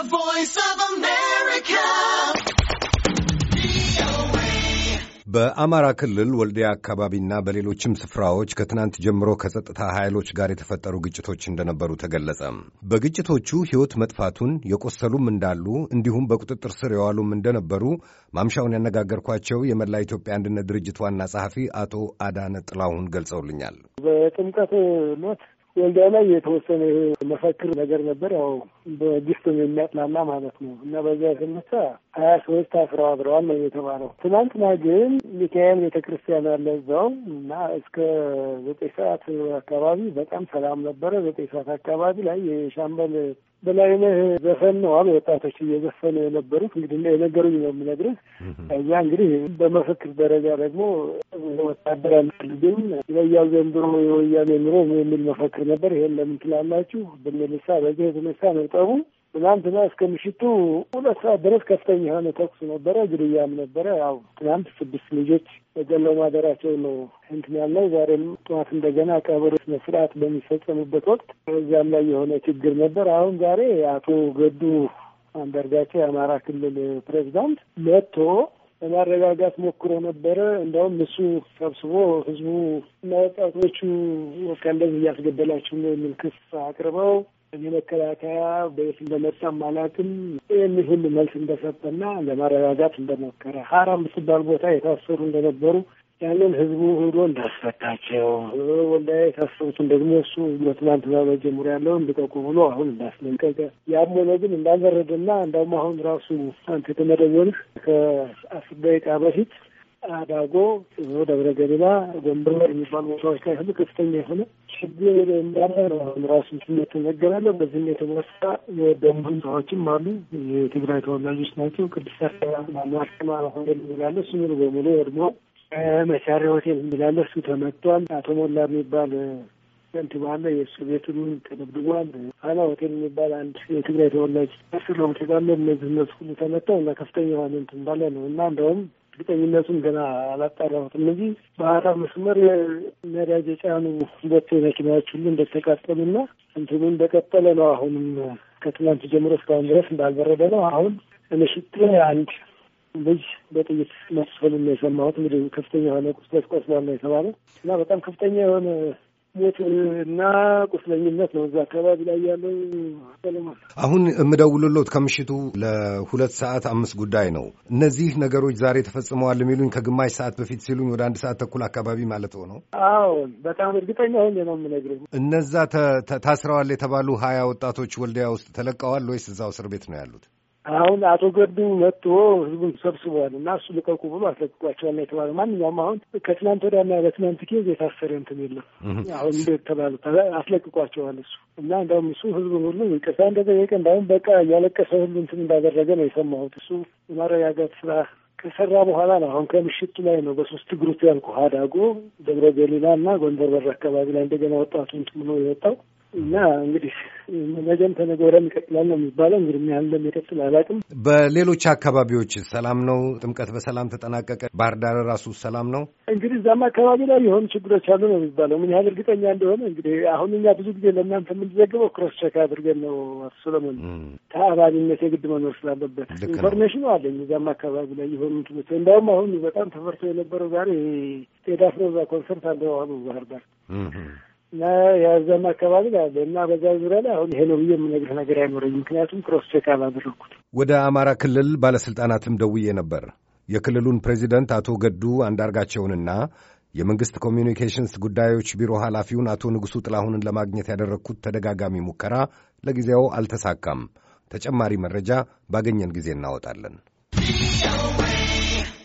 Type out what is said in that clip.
The Voice of America. በአማራ ክልል ወልዲያ አካባቢና በሌሎችም ስፍራዎች ከትናንት ጀምሮ ከጸጥታ ኃይሎች ጋር የተፈጠሩ ግጭቶች እንደነበሩ ተገለጸ። በግጭቶቹ ሕይወት መጥፋቱን የቆሰሉም እንዳሉ እንዲሁም በቁጥጥር ስር የዋሉም እንደነበሩ ማምሻውን ያነጋገርኳቸው የመላ ኢትዮጵያ አንድነት ድርጅት ዋና ጸሐፊ አቶ አዳነ ጥላሁን ገልጸውልኛል። በጥምቀት ሞት ወልዲያ ላይ የተወሰነ መፈክር ነገር ነበር። ያው በዲስቶም የሚያጥናና ማለት ነው እና በዚያ የተነሳ ሀያ ሶስት አፍረዋብረዋል ነው የተባለው። ትናንትና ግን ሚካኤል ቤተ ክርስቲያን ያለ እዛው እና እስከ ዘጠኝ ሰዓት አካባቢ በጣም ሰላም ነበረ። ዘጠኝ ሰዓት አካባቢ ላይ የሻምበል በላይነህ ዘፈን ነው ወጣቶች እየዘፈኑ የነበሩት። እንግዲህ የነገሩኝ ነው የምነግርህ። እዛ እንግዲህ በመፈክር ደረጃ ደግሞ ወታደር አልፈልግም፣ ይበያው ዘንድሮ የወያኔ ኑሮ የሚል መፈክር ነበር። ይሄን ለምን ትላላችሁ ብንልሳ በዚህ የተነሳ ነው ጠቡ ትናንትና እስከ ምሽቱ ሁለት ሰዓት ድረስ ከፍተኛ የሆነ ተኩስ ነበረ፣ ግድያም ነበረ። ያው ትናንት ስድስት ልጆች ተገለው ማደራቸው ነው እንትን ያለው። ዛሬም ጠዋት እንደገና ቀብር ስነ ስርዓት በሚፈጸምበት ወቅት እዚያም ላይ የሆነ ችግር ነበር። አሁን ዛሬ አቶ ገዱ አንዳርጋቸው የአማራ ክልል ፕሬዚዳንት መጥቶ ለማረጋጋት ሞክሮ ነበረ። እንደውም እሱ ሰብስቦ ህዝቡ እና ወጣቶቹ ወካ እንደዚህ እያስገደላችሁ ነው የሚል ክስ አቅርበው እኔ መከላከያ በየት እንደመጣም አላውቅም። ይህን ይህን መልስ እንደሰጠና ለማረጋጋት እንደሞከረ ሀራም የምትባል ቦታ የታሰሩ እንደነበሩ ያንን ህዝቡ ሁሉ እንዳስፈታቸው ወላ የታሰሩትን ደግሞ እሱ ትናንት በጀምሮ ያለውን ልቀቁ ብሎ አሁን እንዳስለንቀቀ ያም ሆነ ግን እንዳልበረደና እንዳውም አሁን ራሱ አንተ የተመደወልህ ከአስር ደቂቃ በፊት አዳጎ፣ ደብረ ገሊላ፣ ጎንደር የሚባሉ ቦታዎች ላይ ሁሉ ከፍተኛ የሆነ ችግር እንዳለ ነው። አሁን ራሱ ስሜት ተነገራለሁ። በዚህም የተነሳ የደንቡ ህንፃዎችም አሉ። የትግራይ ተወላጆች ናቸው። ቅዱስ አርሴማ ማማርሰማ ሆቴል እሱ ሙሉ በሙሉ ወድሞ፣ መቻሪያ ሆቴል የሚላለ እሱ ተመቷል። አቶ ሞላ የሚባል እንትን ባለ የእሱ ቤቱን ተደብድቧል። ሀና ሆቴል የሚባል አንድ የትግራይ ተወላጅ ስር ትጋለ እነዚህ እነሱ ሁሉ ተመጠው እና ከፍተኛ ሆነ እንትን ባለ ነው እና እንደውም እርግጠኝነቱን ገና አላጣራሁትም እነዚህ በአራ መስመር ነዳጅ የጫኑ ሁለት መኪናዎች ሁሉ እንደተቃጠሉና እንትኑ እንደቀጠለ ነው። አሁንም ከትናንት ጀምሮ እስካሁን ድረስ እንዳልበረደ ነው። አሁን ምሽት አንድ ልጅ በጥይት መስፈሉ ነው የሰማሁት። እንግዲህ ከፍተኛ የሆነ ቁስለት ቆስሏል ነው የተባለው እና በጣም ከፍተኛ የሆነ ሞት ቁስለኝነት ነው እዛ አካባቢ ላይ ያለው። አሁን የምደውልሎት ከምሽቱ ለሁለት ሰዓት አምስት ጉዳይ ነው። እነዚህ ነገሮች ዛሬ ተፈጽመዋል የሚሉኝ ከግማሽ ሰዓት በፊት ሲሉኝ ወደ አንድ ሰዓት ተኩል አካባቢ ማለት ሆነው። አሁን በጣም እርግጠኛ ሆኜ ነው የምነግርህ። እነዛ ታስረዋል የተባሉ ሀያ ወጣቶች ወልዲያ ውስጥ ተለቀዋል ወይስ እዛው እስር ቤት ነው ያሉት? አሁን አቶ ገዱ መጥቶ ህዝቡን ሰብስቧል እና እሱ ልቀቁ ብሎ አስለቅቋቸዋል የተባለ ማንኛውም አሁን ከትናንት ወዲያና በትናንት ኬዝ የታሰረ እንትን የለም። አሁን እንደ ተባሉ አስለቅቋቸዋል እሱ እና እንደውም እሱ ህዝቡን ሁሉ ይቅርታ እንደጠየቀ እንዳሁም በቃ እያለቀሰ ሁሉ እንትን እንዳደረገ ነው የሰማሁት። እሱ የማረጋጋት ስራ ከሰራ በኋላ ነው። አሁን ከምሽቱ ላይ ነው በሶስት ግሩፕ ያልኩ ሀዳጎ፣ ደብረ ገሊላ እና ጎንደር በር አካባቢ ላይ እንደገና ወጣቱ ብሎ የወጣው እና እንግዲህ ነገም ተነገ ወዲያም ይቀጥላል ነው የሚባለው። እንግዲህ ምን ያህል እንደሚቀጥል አላውቅም። በሌሎች አካባቢዎች ሰላም ነው? ጥምቀት በሰላም ተጠናቀቀ? ባህር ዳር ራሱ ሰላም ነው? እንግዲህ እዛም አካባቢ ላይ የሆኑ ችግሮች አሉ ነው የሚባለው። ምን ያህል እርግጠኛ እንደሆነ እንግዲህ አሁን እኛ ብዙ ጊዜ ለእናንተ የምንዘግበው ክሮስ ቼክ አድርገን ነው። አቶ ሰለሞን ተአማኒነት የግድ መኖር ስላለበት ኢንፎርሜሽኑ አለኝ። እዛም አካባቢ ላይ የሆኑ ትምህርት እንዲያውም አሁን በጣም ተፈርቶ የነበረው ዛሬ ቴዲ ኮንሰርት አለው አሉ ባህር ዳር እና የዛም አካባቢ አለ እና በዛ ዙሪያ ላይ አሁን ይሄ ነው ብዬ የምነግርህ ነገር አይኖረኝ፣ ምክንያቱም ክሮስ ቼክ አላደረግኩት። ወደ አማራ ክልል ባለስልጣናትም ደውዬ ነበር የክልሉን ፕሬዚደንት አቶ ገዱ አንዳርጋቸውንና የመንግሥት ኮሚኒኬሽንስ ጉዳዮች ቢሮ ኃላፊውን አቶ ንጉሡ ጥላሁንን ለማግኘት ያደረግኩት ተደጋጋሚ ሙከራ ለጊዜው አልተሳካም። ተጨማሪ መረጃ ባገኘን ጊዜ እናወጣለን።